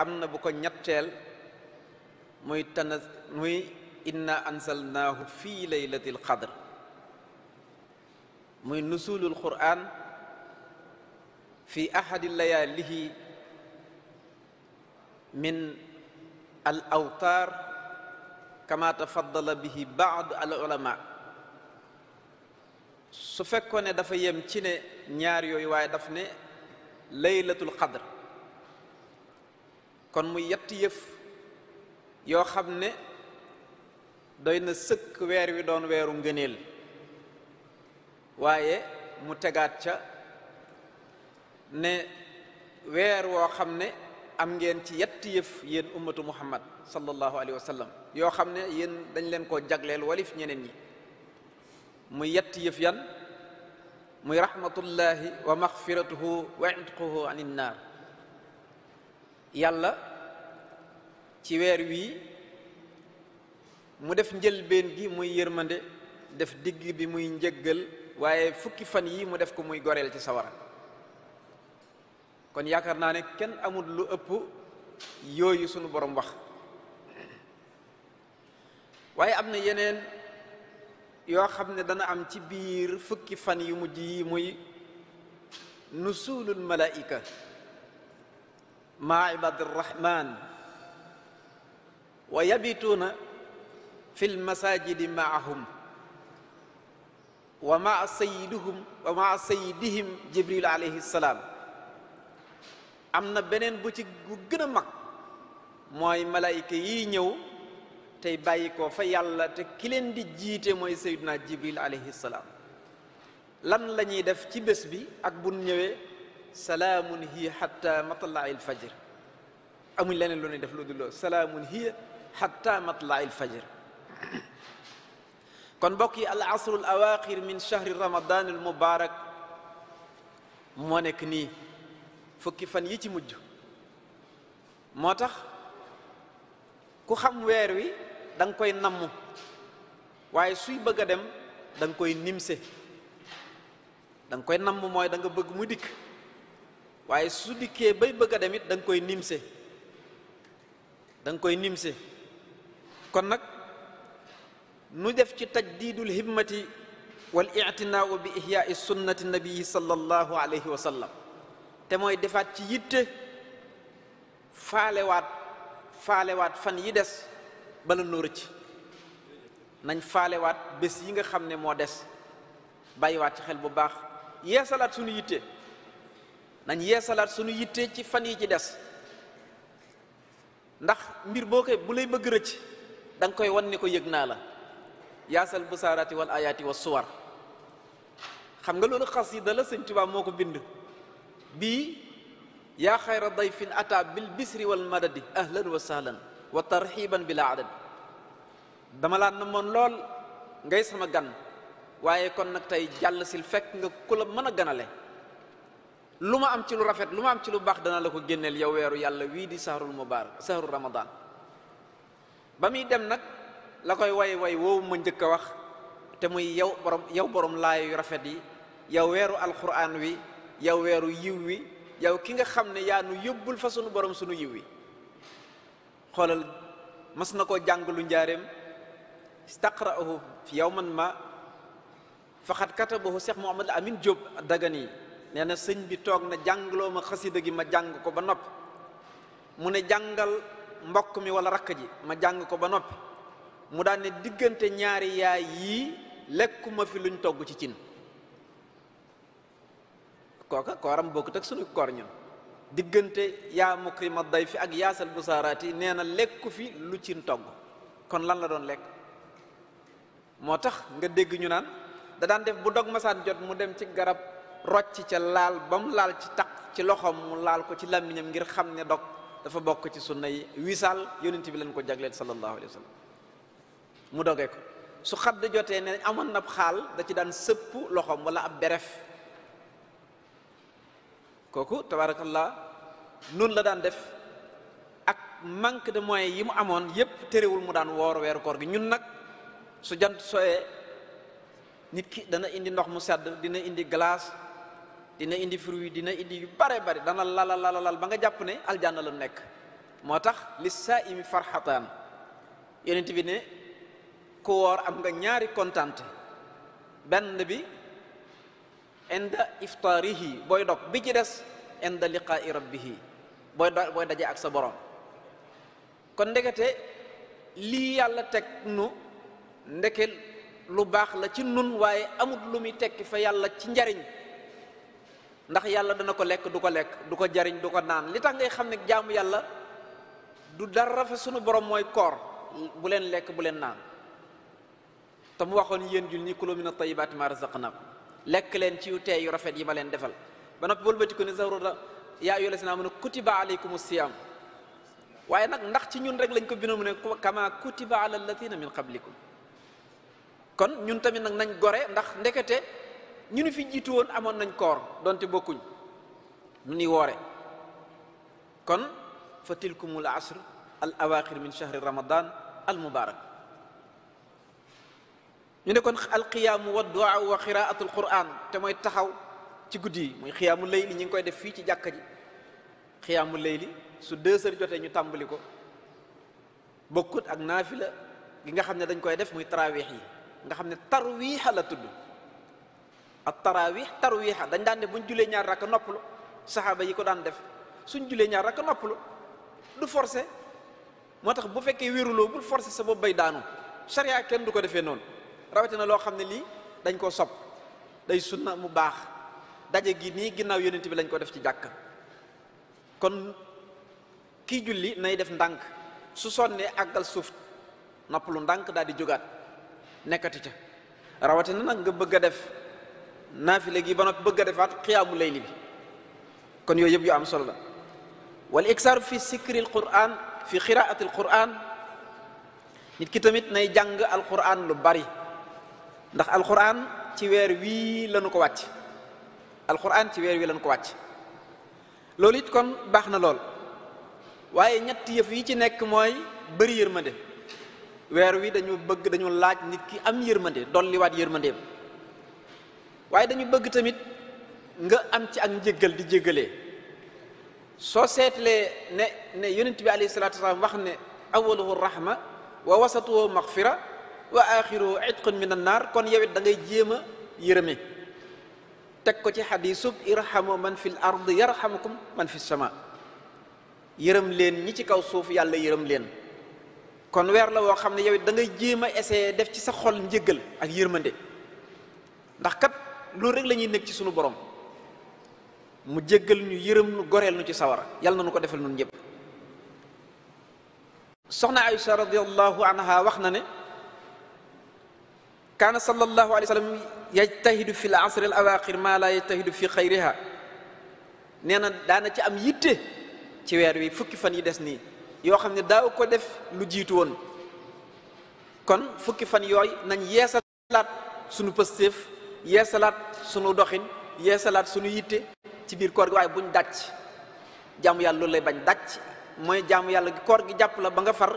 am na bu ko ñetteel muy tana muy inna ansalnaahu fii laylatil qadr muy nusulul quran fi ahadi layaalihi min al awtaar kama tafaddala bihi baad al ulama su fekkoon ne dafa yem ci ne ñaar yooyu waaye daf ne laylatul qadr kon muy yetti yëf yoo xam ne doy na sëkk weer wi doon weeru ngëneel waaye mu tegaat ca ne weer woo xam ne am ngeen ci yett yëf yéen ummatu muhammad sallallahu alayhi yoo xam ne yéen dañ leen koo jagleel walif ñeneen ñi muy yett yëf yan muy rahmatullahi wa maxfiratuhu wa itquhu anin naar yàlla ci weer wii mu def njëlbeen gi muy yërmande def digg bi muy njëggal waaye fukki fan yi mu def ko muy goreel ci sawara kon yaakaar naa ne kenn amul lu ëpp yooyu sunu boroom wax waaye am na yeneen yoo xam ne dana am ci biir fukki fan yu mujj yi muy nusulul malaika maa ibad rahman wa yabituuna fi lmasajidi maahum wa maa sayiduhum wa maa sayidihim jibril alayhi salaam am na beneen bu ci bu gën mag mooy malayka yi ñëw tey bàyyi ko fa yàlla te kileen di jiite mooy sayiduna jibril alayhi salaam lan lañuy def ci bés bi ak bu ñëwee salaamun hiya xatta matla'il fajr amuñ leneen lu ñuy def lu dul salaamun hiya xatta matla il fajr kon mbokk yi al asru al awaaxir min shahri ramadan al mubarak moo nekk nii fukki fan yi ci mujj moo tax ku xam weer wi danga koy namm waaye suy bëgg dem da koy nimse da nga koy namm mooy da bëgg mu dikk waaye su dikkee bëgg a dem it koy nimse da nga koy nimse kon nag nu def ci taj tajdiidul himmati wal ictinaau bi ihyaai sunnati nabii sallallahu alayhi wa sallam te mooy defaat ci yitte faalewaat faalewaat fan yi des bala noo rëcc nañ faalewaat bés yi nga xam ne moo des bàyyiwaat ci xel bu baax yeesalaat sunu yitte nañ yeesalaat sunu yitte ci fan yi ci des ndax mbir boo koy bu lay bëgg rëcc danga koy wan ni ko yëg naa la yaasal busaaraati wal ayaati wa suwar xam nga loolu xasida la sëñ Tuubaa moo ko bind bii yaa xayra dayfin ata bil bisri wal madadi ahlan wa sahlan wa tarxiban bila adad dama laa namoon lool ngay sama gan waaye kon nag tey jàll sil fekk nga ku la mën a ganale lu ma am ci lu rafet lu ma am ci lu baax dana la ko génneel yow weeru yàlla wii di sahrul mubaarak sahru ramadan ba muy dem nag la koy way woy woowu ma njëkk a wax te muy yow borom yow borom laay rafet yi yow weeru alxuraan wi yow weeru yiw wi yow ki nga xam ne yaa nu yóbbul fa sunu borom sunu yiw wi xoolal mas na koo jàng lu njaareem istaqra'uhu fi yawman ma faxat katabahu Cheikh Mouhamad Amin Diop Dagana nee na sëñ bi toog na jàngaloo ma xasida gi ma jàng ko ba nopp mu ne jàngal mbokk mi wala rakk ji ma jàng ko ba noppi mu daan diggante ñaari yaay yii lekkuma fi luñ togg ci cin kooka kooram bokkut ak sunu koor ñun diggante yaa mukrima day fi ak yaasal bu saaraati nee na lekku fi lu cin togg kon lan la doon lekk moo tax nga dégg ñu naan da daan def bu dog masaan jot mu dem ci garab rocc ca laal ba mu laal ci taq ci loxoom mu laal ko ci làmmiñam ngir xam ne dog dafa bokk ci sunna yi wisaal yonent bi leen ko jagleel sallallahu alayhi wa mu doge ko su xadd jotee ne amoon na xaal da ci daan sëpp loxoom wala ab beref kooku tabarakallah noonu la daan def ak manque de moyens yi mu amoon yépp terewul mu daan woor weeru koor gi ñun nag su jant sooyee nit ki dana indi ndox mu sedd dina indi glace dina indi fruit dina indi yu bare bare dana lala lala lal ba nga jàpp ne aljanna la nekk moo tax li saa imi farxataan yonent bi ne ku am nga ñaari kontante benn bi inda iftaarihi booy dog bi ci des inda liqaai rabbihi booy do booy daje ak sa borom kon ndekete lii yàlla teg nu ndeke lu baax la ci nun waaye amut lu muy tekki fa yàlla ci njariñ ndax yàlla dana ko lekk du ko lekk du ko jariñ du ko naan li tax ngay xam ne jaamu yàlla du dara fa sunu borom mooy koor bu leen lekk bu leen naan te mu waxoon yéen jul ñi kulu mina tayyibaati maa razaqnaakum lekk leen ci yu teey yu rafet yi ma leen defal ba noppi wëlbatiku ne zawru da yaa ayyuhal lazina aamanu kutiba alaykumu siyaam waaye nag ndax ci ñun rek lañ ko binoon mu ne kama kutiba ala allazina min qablikum kon ñun tamit nag nañ gore ndax ndekete ñu nu fi jiitu woon amoon nañ koor donte bokkuñ nu ni woore kon fa tilkumul asr al awaaxir min shahri ramadan al mubaarak ñu ne kon alqiyaamu wa duaa wa qiraatul quran te mooy taxaw ci guddi yi muy xiyaamu layli ñu ngi koy def fii ci jàkka ji xiyaamu layli su deux heures jotee ñu tàmbali ko bokkut ak naafila gi nga xam ne dañ koy def muy tarawiix yi nga xam ne tarwiixa la tudd ak taraawix tarwix dañ daan def bu ñu julee ñaar rakk noppalu saxaaba yi ko daan def suñ julee ñaar rakk noppalu du forcé moo tax bu fekkee wéruloo bul forcé sa bopp bay daanu charia kenn du ko defee noonu rawatina loo xam ne lii dañ koo sopp day sunna mu baax daje gi nii ginnaaw yonent bi lañ ko def ci jàkk kon kii julli nay def ndànk su sonnee àggal suuf noppalu ndànk daal di jógaat nekkati ca rawatina nag nga bëgg a def naafile gi ba noppi bëgg a defaat xiyaamu layli bi kon yooyu yëpp yu am solo la wal iksaaru fi sikril quran fi xiraatil quran nit ki tamit nay jàng alquran lu bari ndax alquran ci weer wii lañu ko wàcc alquran ci weer wii lañu ko wàcc loolu it kon baax na lool waaye ñett yëf yi ci nekk mooy bëri yërmande weer wi dañu bëgg dañu laaj nit ki am yërmande dolliwaat yërmandeem waaye dañu bëgg tamit nga am ci ak njéggal di jéggalee soo seetlee ne ne yonent bi alayhi salatu wasalaam wax ne awaluhu rahma wa wasatuhu maxfira wa axiruhu itqun min annaar kon yow it da ngay jéem a yërëme teg ko ci xadiisub irhamu man fil ard yarhamukum man fi sama yërëm leen ñi ci kaw suuf yàlla yërëm leen kon weer la woo xam ne yow dangay da ngay jéem a essayer def ci sa xol njéggal ak yërmande ndax kat loolu rek lañuy ñuy nekk ci sunu borom mu jéggal ñu yërëm lu goreel nu ci sawara yàlla na nu ko defal nun ñëpp soxna Aïcha radiallahu anha wax na ne kaana sallallahu alayhi wa sallam yajtahidu fi l asri al awaqir maa laa yajtahidu fi xayriha nee na daana ci am yitte ci weer wi fukki fan yi des nii yoo xam ne daa ko def lu jiitu woon kon fukki fan yooyu nañ yeesalaat sunu pëstéef yeesalaat sunu doxin yeesalaat sunu yitte ci biir koor gi waaye buñ dàcc jaamu yàlla loolu lay bañ dàcc mooy jaamu yàlla koor gi jàpp la ba nga far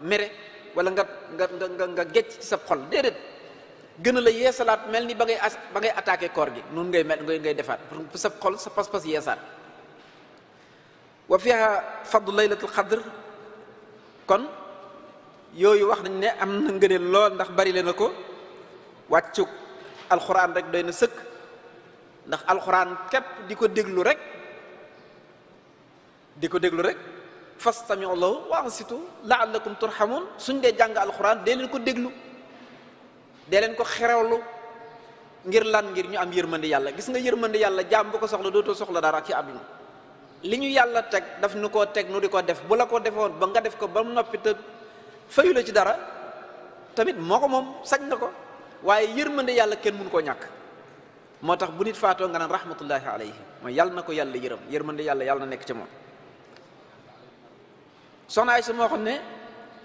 mere wala nga nga nga nga gecc ci sa xol déedéet gën la yeesalaat mel ni ba ngay ba ngay attaqué koor gi noonu ngay mel ngay ngay defaat pour sa xol sa pas-pas yeesaat wa fiha fadlu laylatul qadr kon yooyu wax nañ ne am na ngëneel lool ndax bari le na ko wàccuk alxuraan rek doy na sëkk ndax alxuraan képp di ko déglu rek di ko déglu rek fastami'u lahu wa ansitu la'allakum turhamun suñ dee jàng alxuraan dee leen ko déglu dee leen ko xerewlu ngir lan ngir ñu am yërmande yàlla gis nga yërmande yàlla jaam bu ko soxla dootoo soxla dara ci àdduna li ñu yàlla teg daf nu koo teg nu di ko def bu la ko defoon ba nga def ko ba noppi te fayu la ci dara tamit moo ko moom sañ na ko waaye yërmande yàlla kenn mënu koo ñàkk moo tax bu nit faatoo nga naan rahmatullahi alayhi mooy yàlla na ko yàlla yërëm yërmande yàlla yàlla na nekk ca moom soxna Aysa moo xam ne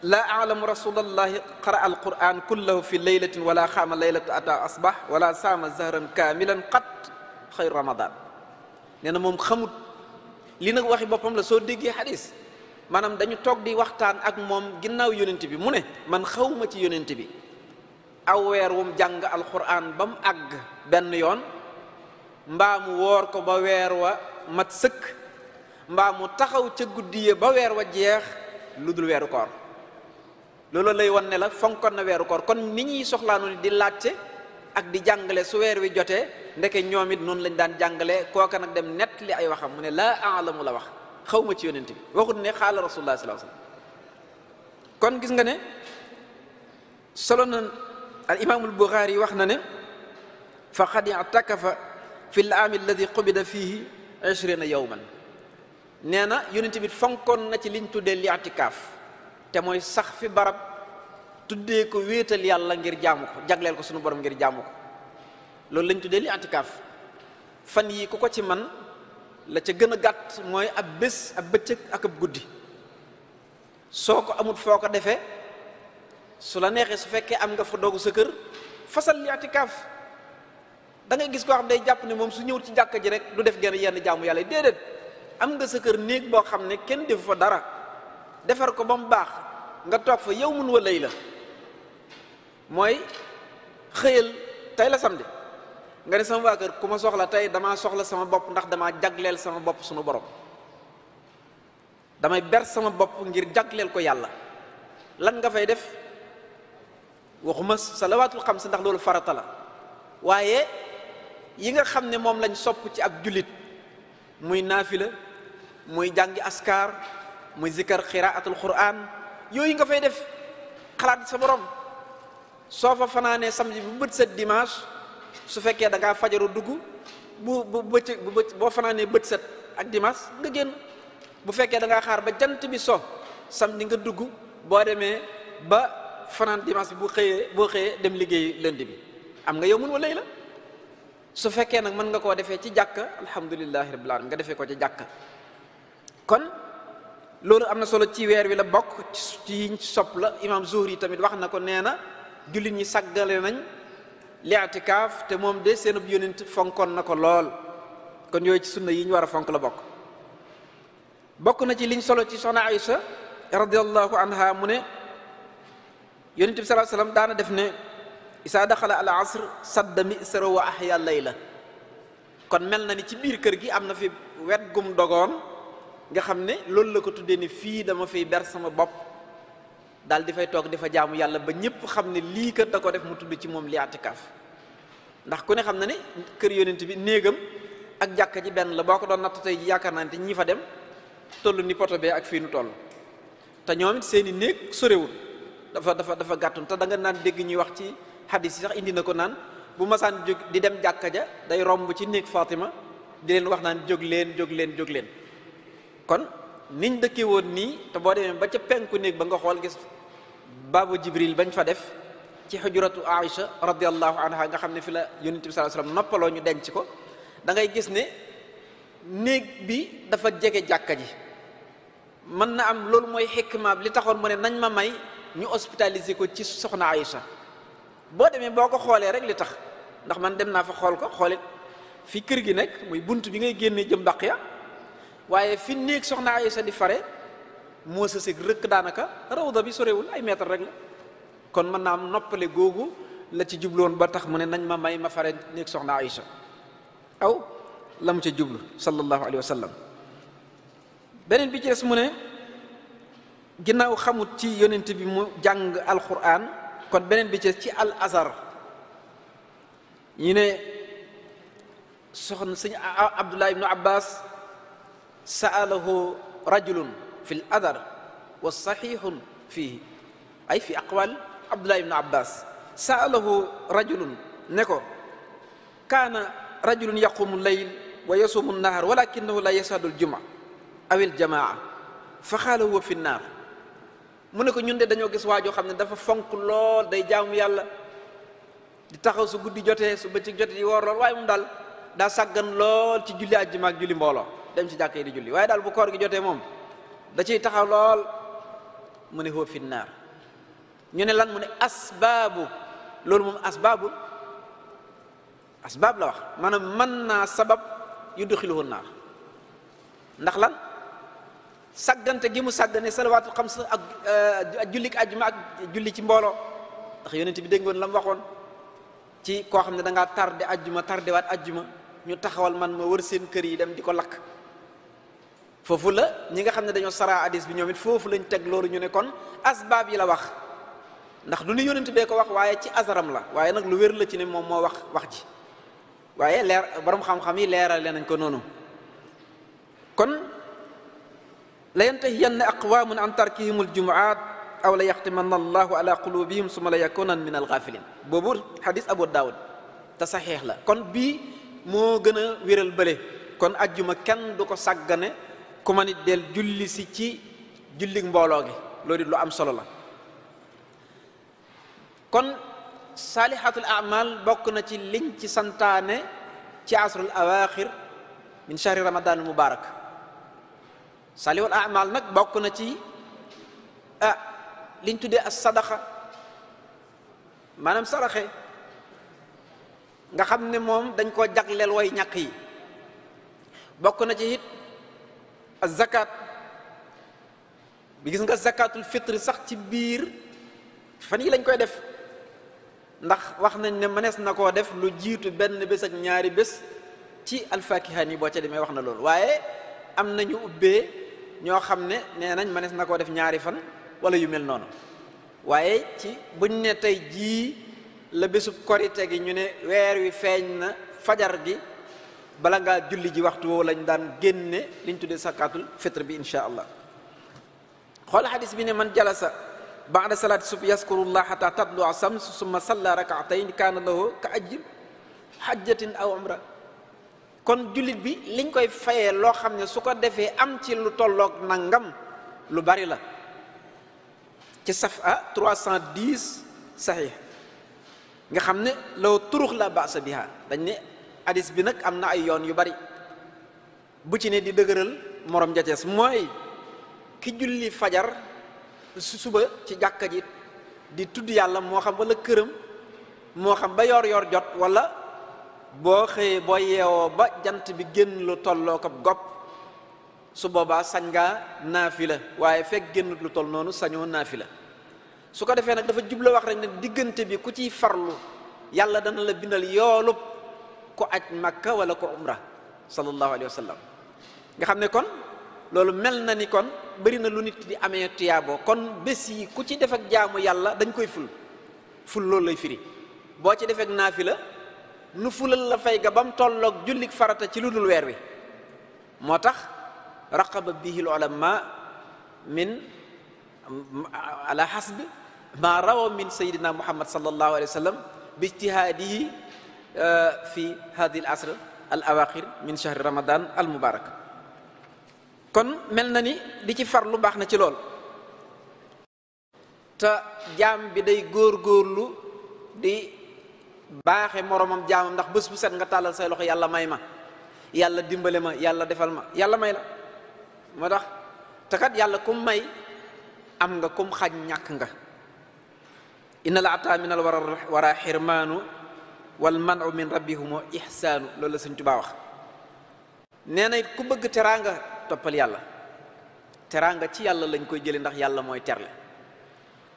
laa alamu rasulallahi qara al quran kullahu fi laylatin wala xaama laylatu ata asbah wala saama zahran kaamilan qat xayru ramadan nee na moom xamut lii nag waxi boppam la soo déggee xadis maanaam dañu toog di waxtaan ak moom ginnaaw yonent bi mu ne man xawma ci yonent bi aw weer wum jàng alxuraan ba mu àgg benn yoon mbaa mu woor ko ba weer wa mat sëkk mbaa mu taxaw ca guddi ya ba weer wa jeex lu dul weeru koor loolu lay won ne la fonkoon na weeru koor kon ni ñuy soxlaanu di laajte ak di jàngale su weer wi jotee ndeke ñoom it noonu lañ daan jàngale kooka nag dem nett li ay waxam mu ne laa aalamu la wax xaw ma ci yonent bi waxut ne xaala rasulullah sallallahu kon gis nga ne solo al imaamul buxaari yi wax na ne fa xad i'takafa fi l aami alladi qubida fiihi ishrina yowman nee na yonent bi fonkoon na ci liñ tuddee li'tikaaf te mooy sax fi barab tuddee ko wéetal yàlla ngir jàmm ko jagleel ko suñu borom ngir jàmm ko loolu lañ tuddee li'tikaaf fan yi ku ko ci man la ca gën a gàtt mooy ab bés ab bëccëg ak ab guddi soo ko amut foo ko defee su la neexee su fekkee am nga fa doogu sa kër fasal li atikaaf da gis koo xam day jàpp ne moom su ñëw ci jàkka ji rek du def genn yenn jaamu yàlla yi déedéet am nga sa kër néeg boo xam ne kenn defu fa dara defar ko ba mu baax nga toog fa yow mun walay la mooy xëyal tey la samedi nga ne sama waa ku ma soxla tey damaa soxla sama bopp ndax damaa jagleel sama bopp sunu borom damay ber sama bopp ngir jagleel ko yàlla lan nga fay def waxuma sa xam xamsa ndax loolu farata la waaye yi nga xam ne moom lañ sopp ci ab jullit muy naafila muy jàngi askar muy zikar xiraatul quraan yooyu nga fay def xalaat sa boroom soo fa fanaanee samedi bu bët set dimanche su fekkee da ngaa fajaru dugg bu bu bëccëg bu boo fanaanee bët set ak dimanche nga génn bu fekkee dangaa xaar ba jant bi so samedi nga dugg boo demee ba fanaan dimanche bi bu xëyee boo xëyee dem liggéey lënd bi am nga yow mun wala la su fekkee nag mën nga koo defee ci jàkka alhamdulilahi rabbil alamin nga defee ko ci jàkka kon loolu am na solo ci weer wi la bokk ci yiñ sopp la imam Zuhri yi tamit wax na ko nee na jullit ñi saggale nañ li'tikaaf te moom de seen yónent fonkoon na ko lool kon yooyu ci sunna yi ñu war a fonk la bokk bokk na ci liñ solo ci soxna Aysa radiyallahu anha mu ne yonent bi sallallahu alayhi daana def ne isaa daxala al asr sadda mi sara wa ahya kon mel na ni ci biir kër gi am na fi wet gum dogoon nga xam ne loolu la ko tuddee ni fii dama fiy ber sama bopp daal di fay toog di fa jaamu yàlla ba ñëpp xam ne lii kër da ko def mu tudd ci moom li atikaaf ndax ku ne xam na ne kër yonent bi néegam ak jàkka ji benn la boo ko doon natt tey ji yaakaar naa ni te ñi fa dem toll ni poto bee ak fii nu toll te ñoom it seeni néeg sorewul dafa dafa dafa gàttoon te da nga naan dégg ñuy wax ci xadis yi sax indi na ko naan bu masaan jóg di dem jàkka ja day romb ci néeg Fatima di leen wax naan jóg leen jóg leen jóg leen kon niñ dëkke woon nii te boo demee ba ca penku néeg ba nga xool gis baabu Jibril bañ fa def ci xujuratu Aïcha radiallahu anha nga xam ne fi la yonent bi sallallahu alayhi wasallam noppaloo ñu denc ko da ngay gis ne néeg bi dafa jege jàkka ji mën na am loolu mooy xikmaab li taxoon mu ne nañ ma may ñu hospitalisé ko ci soxna Aïcha boo demee boo ko xoolee rek li tax ndax man dem naa fa xool ko xoolit fi kër gi nekk muy bunt bi ngay génnee jëm baq ya waaye fi néeg soxna Aïcha di fare moo sa rëkk daanaka rawda bi sorewul ay mètre rek la kon mën naa am noppale googu la ci jubloon ba tax mu ne nañ ma may ma fare néeg soxna Aïcha aw la mu ca jublu sallallahu alayhi wa sallam beneen bi ci des mu ne ginnaaw xamut ci yonent bi mu jàng alquran kon beneen bi ci ci al azar ñu ne soxna sëñ abdullah ibnu abbas saalahu rajulun fi l adar wa saxiixun fiihi ay fi aqwal abdullah ibnu abbas saalahu rajulun ne ko kaana rajulun yaqumu leyl wa yasuumu nnahaar walakinahu la yashadu aljuma aw aljamaa fa xaala huwa fi nnaar mu ne ko ñun de dañoo gis waa joo xam ne dafa fonk lool day jaamu yàlla di taxaw su guddi jotee su bëccëg jotee di woor lool waaye moom daal daa sàggan lool ci julli àjjuma ak julli mbooloo dem ci jàkk di julli waaye daal bu koor gi jotee moom da ciy taxaw lool mu ne huwa fi naar ñu ne lan mu ne asbaabu loolu moom asbaabul asbaab la wax maanaam mën naa sabab yu duxiluhu naar ndax lan saggante gi mu sàggane salawaatul xam sa eh, ak julli ajjuma ak julli ci mbooloo ndax yonent bi dégg woon la mu waxoon ci koo xam ne da ngaa tardé ajjuma tardé waat ajjuma ñu taxawal man ma wër seen kër yi dem di ko lakk foofu la ñi nga xam ne dañoo saraa hadis bi ñoom it foofu lañ teg loolu ñu ne kon asbaab yi la wax ndax du ñu yonent bee ko wax waaye ci asaram la waaye nag lu wér la ci ne moom moo wax wax ji waaye leer boroom xam-xam yi leerale nañ ko noonu la yantahiyanna aqwamun an tarkihim aljumuat aw la yaxtimanna allahu ala qulubihim suma la yakunan min alxaafilin boobu xadis abu daawud te saxiix la kon bii moo gën a wéral bële kon ajjuma kenn du ko sàggane ku ma nit del julli si ci jullig mbooloo gi loolu lu am solo la kon saalixatul amal bokk na ci liñ ci santaane ci asrul awaaxir min shahri ramadan al mubaarak salihul amal nag bokk na ci ah liñ tuddee as sadaqa maanaam saraxe nga xam ne moom dañ koo jagleel woy ñàkk yi bokk na ci it ak zakat bi gis nga zakatul fitri sax ci biir fan yi lañ koy def ndax wax nañ ne mënees na koo def lu jiitu benn bés ak ñaari bés ci alfakihan yi boo ca demee wax na loolu waaye am nañu ubbee ñoo xam ne nee nañ manees na koo def ñaari fan wala yu mel noonu waaye ci buñ ne tey jii la bésub korite gi ñu ne weer wi feeñ na fajar gi bala ngaa julli ji waxtu woowu lañ daan génne liñ tuddee sakaatul fitre bi insha allah xool xadis bi ne man jalasa baada salaati sub yaskurullah xata tatlu a sams summa salla tey kaana lahu ka ajr xajjatin aw umra kon jullit bi liñ koy fayee loo xam ne su ko defee am ci lu tolloog nangam lu bari la ci saf a 310 saxiix nga xam ne loo turux la baasa biha dañ ne hadis bi nag am na ay yoon yu bari bu ci ne di dëgëral morom jacees mooy ki julli fajar su suba ci jàkka ji di tudd yàlla moo xam wala këram moo xam ba yor yor jot wala boo xëyee boo yeewoo ba jant bi génn lu tolloo ko gopp su boobaa sañ ngaa naafila waaye fekk génnut lu toll noonu sañoo naafila su ko defee nag dafa jubla wax rek ne diggante bi ku ciy farlu yàlla dana la bindal yoolub ku aj makka wala ko umra sallallahu alayhi nga xam ne kon loolu mel na ni kon bëri na lu nit di amee tuyaaboo kon bés yi ku ci def ak jaamu yàlla dañ koy ful ful loolu lay firi boo ci defek naafila nu fulal la fay ga ba mu tolloog jullik farata ci lu dul weer wi moo tax raqaba bihi l ulama min ala hasbi ma rawa min sayidina muhammad sallallahu alayhi wa bi ijtihaadihi uh, fi hadi al asr min shahri ramadan al mubarak kon mel na ni di ci far lu baax na ci lool te jaam bi day góor góorlu di baaxe moromam jaamam ndax bés bu set nga tàllal say loxo yàlla may ma yàlla dimbale ma yàlla defal ma yàlla may la moo tax te kat yàlla kum may am nga kum xaj ñàkk nga inna la ata min al wara xirmaanu wal manu min rabbihumo ihsaanu loolu la sëñ Tuubaa wax nee na it ku bëgg teraanga toppal yàlla teraanga ci yàlla lañ koy jële ndax yàlla mooy terle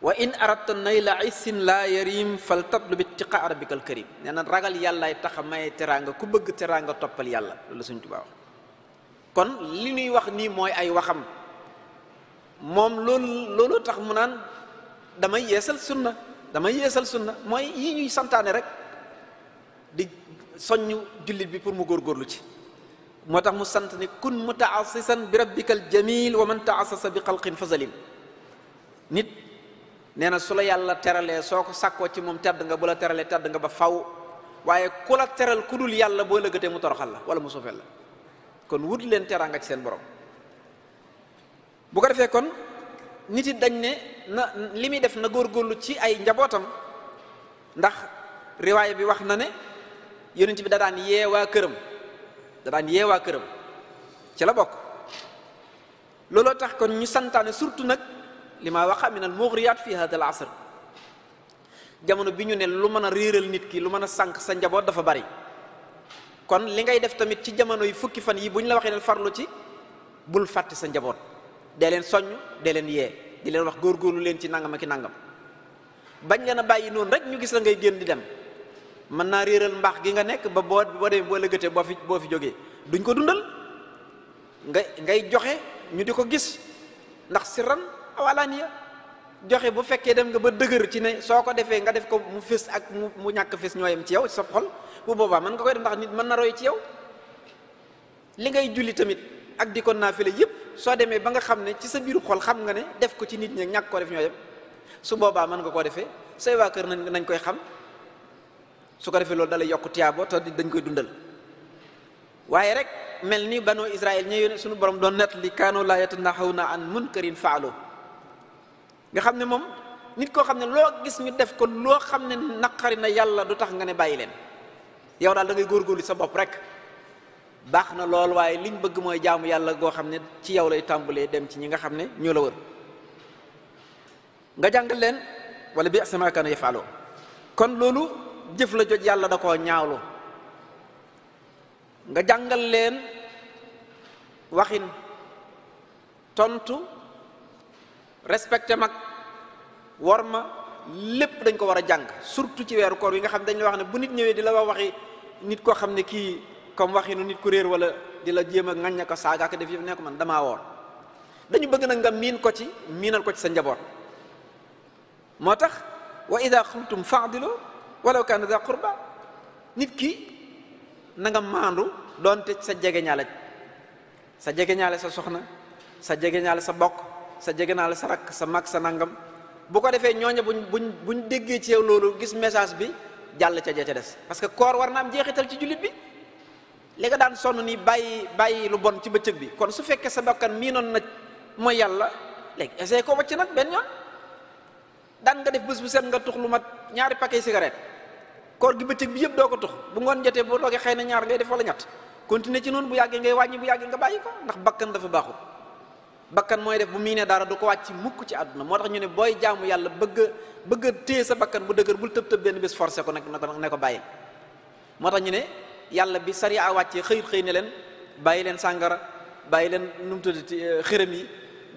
wa in aradta nayla issin laa yarim fa tablu bi tiqa arabikal karim nee na ragal yàllaay tax a maye teraanga ku bëgg teraanga toppal yàlla loolu Sëñ Tuubaa wax kon li ñuy wax nii mooy ay waxam moom loolu tax mu naan damay yeesal sunna damay yeesal sunna mooy yi ñuy santaane rek di soññ jullit bi pour mu góor góorlu ci moo tax mu sant ne kun mutaassisan bi rabbikal jamil wa man taassasa bi xalqin fazalim nit nee na su la yàlla teralee soo ko sàkkoo ci moom tedd nga bu la teralee tedd nga ba faw waaye ku la teral ku dul yàlla boo lëggatee mu toroxal la wala mu suufeel la kon wut leen teraanga ci seen borom bu ko defee kon nit yi dañ ne li muy def na góor góorgóorlu ci ay njabootam ndax riwaaya bi wax na ne yonent bi da daan yee waa këram da daan yee waa këram ci la bokk looloo tax kon ñu santaane surtout nag li ma waqa min al mughriyat fi hada al asr jamono bi ñu ne lu mën a réeral nit ki lu mën a sànq sa njaboot dafa bari kon li ngay def tamit ci jamono yi fukki fan yi bu ñu la waxee ne farlu ci bul fàtte sa njaboot dee leen soññ de leen yee di leen wax góor góorgóorlu leen ci nangam ak nangam bañ leen a bàyyi noonu rek ñu gis la ngay génn di dem mën naa réeral mbaax gi nga nekk ba boo boo demee boo lëgëtee boo fi boo fi jógee duñ ko dundal ngay ngay joxe ñu di ko gis ndax si aw alaaniya joxe bu fekkee dem nga ba dëgër ci ne soo ko defee nga def ko mu fés ak mu mu ñàkk fés ñoo yem ci yow sa xol bu boobaa mën nga koy def ndax nit mën na roy ci yow li ngay julli tamit ak di ko naafile yëpp soo demee ba nga xam ne ci sa biiru xol xam nga ne def ko ci nit ñi ñàkk koo def ñoo su boobaa mën nga koo defee say waa kër nañ koy xam su ko defee loolu dalay yokk tiyaabo te dañ koy dundal waaye rek mel ni banu Israël ñi yónne suñu borom doon kaanoo li kaanu xaw yatanahawna an munkarin faalo nga xam ne moom nit koo xam ne loo gis ñu def ko loo xam ne naqari na yàlla du tax nga ne bàyyi leen yow daal dangay góor góorgóorlu sa bopp rek baax na lool waaye liñ bëgg mooy jaamu yàlla goo xam ne ci yow lay tàmbalee dem ci ñi nga xam ne ñoo la wër nga jàngal leen walla bi sama kaanu yafaloo kon loolu jëf la joj yàlla da koo ñaawloo nga jàngal leen waxin tontu. respecté mag war ma lépp dañ ko war a jàng surtout ci weeru koor yi nga xam dañ la wax ne bu nit ñëwee di la wax waxi nit koo xam ne kii comme waxi nu nit ku réer wala di la jéem a ŋañña ko saaga ak def yëf ne ko man damaa woor dañu bëgg nag nga miin ko ci miinal ko ci sa njaboot moo tax wa ida xultum faadilu walaw kaana da qurba nit ki na nga maandu doonte sa jegeñaale sa jegeñaale sa soxna sa jege jegeñaale sa bokk sa jegenaale sa rakk sa mag sa nangam bu ko defee ñooña buñ buñ buñ déggee ci yow loolu gis message bi jàll ca ja ca des parce que koor war na am jeexital ci jullit bi li nga daan sonn nii bàyyi bàyyi lu bon ci bëccëg bi kon su fekkee sa bakkan miinoon na mooy yàlla léegi essayé koo wacc nag benn yoon daan nga def bés bu set nga tux lu mat ñaari paquet cigarette koor gi bëccëg bi yëpp doo ko tux bu ngoon jotee boo doogee xëy na ñaar ngay defoo wala ñett continuer ci noonu bu yàggee ngay wàññi bu nga bàyyi ko ndax bakkan dafa baaxul bakkan mooy def bu miinee dara du ko wàcc mukk ci àdduna moo tax ñu ne booy jaamu yàlla bëgg a bëgg a téye sa bakkan bu dëgër bul tëb tëb benn bés forcé ko nag ne ko bàyyi moo tax ñu ne yàlla bi sariya wàccee xëyut xëy ne leen bàyyi leen sàngara bàyyi leen nu mu tuddati euh, xërëm yi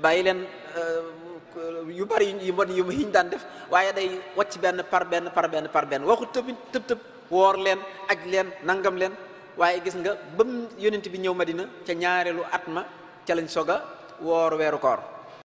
bàyyi leen euh, yu bari yu bon yu hiñ daan def waaye day wàcc benn par benn par benn par benn waxu tëb tëb tëb woor leen aj leen nangam leen waaye gis nga bam yonent bi ñëw ma dina ca ñaareelu at ma ca lañ soga woor weeru kaar